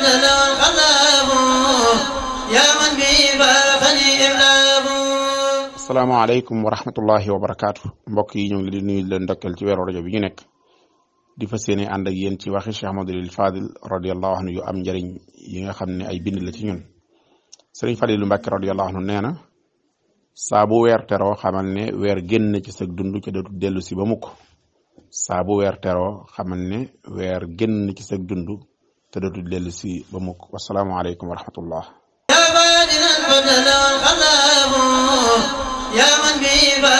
البدل والخلاف يا من به mbokk yi ñu ngi leen ndokkeel ci weeru rajo bi ñu nekk di fas yéene ànd ak yéen ci waxi Cheikh Ahmadul Fadil yu am njëriñ yi nga xam ne ay bind ci ñun Sëriñ Fadilu nee na saa bu weer teroo xamal ne weer génn ci sa dund ca dootu dellu si ba mukk saa bu weer teroo xamal ne weer génn ci sa dund te dootul dellu si ba mukk wasalaamu aleykum wa rahmatullah يا بادل البدل والخلاف يا من به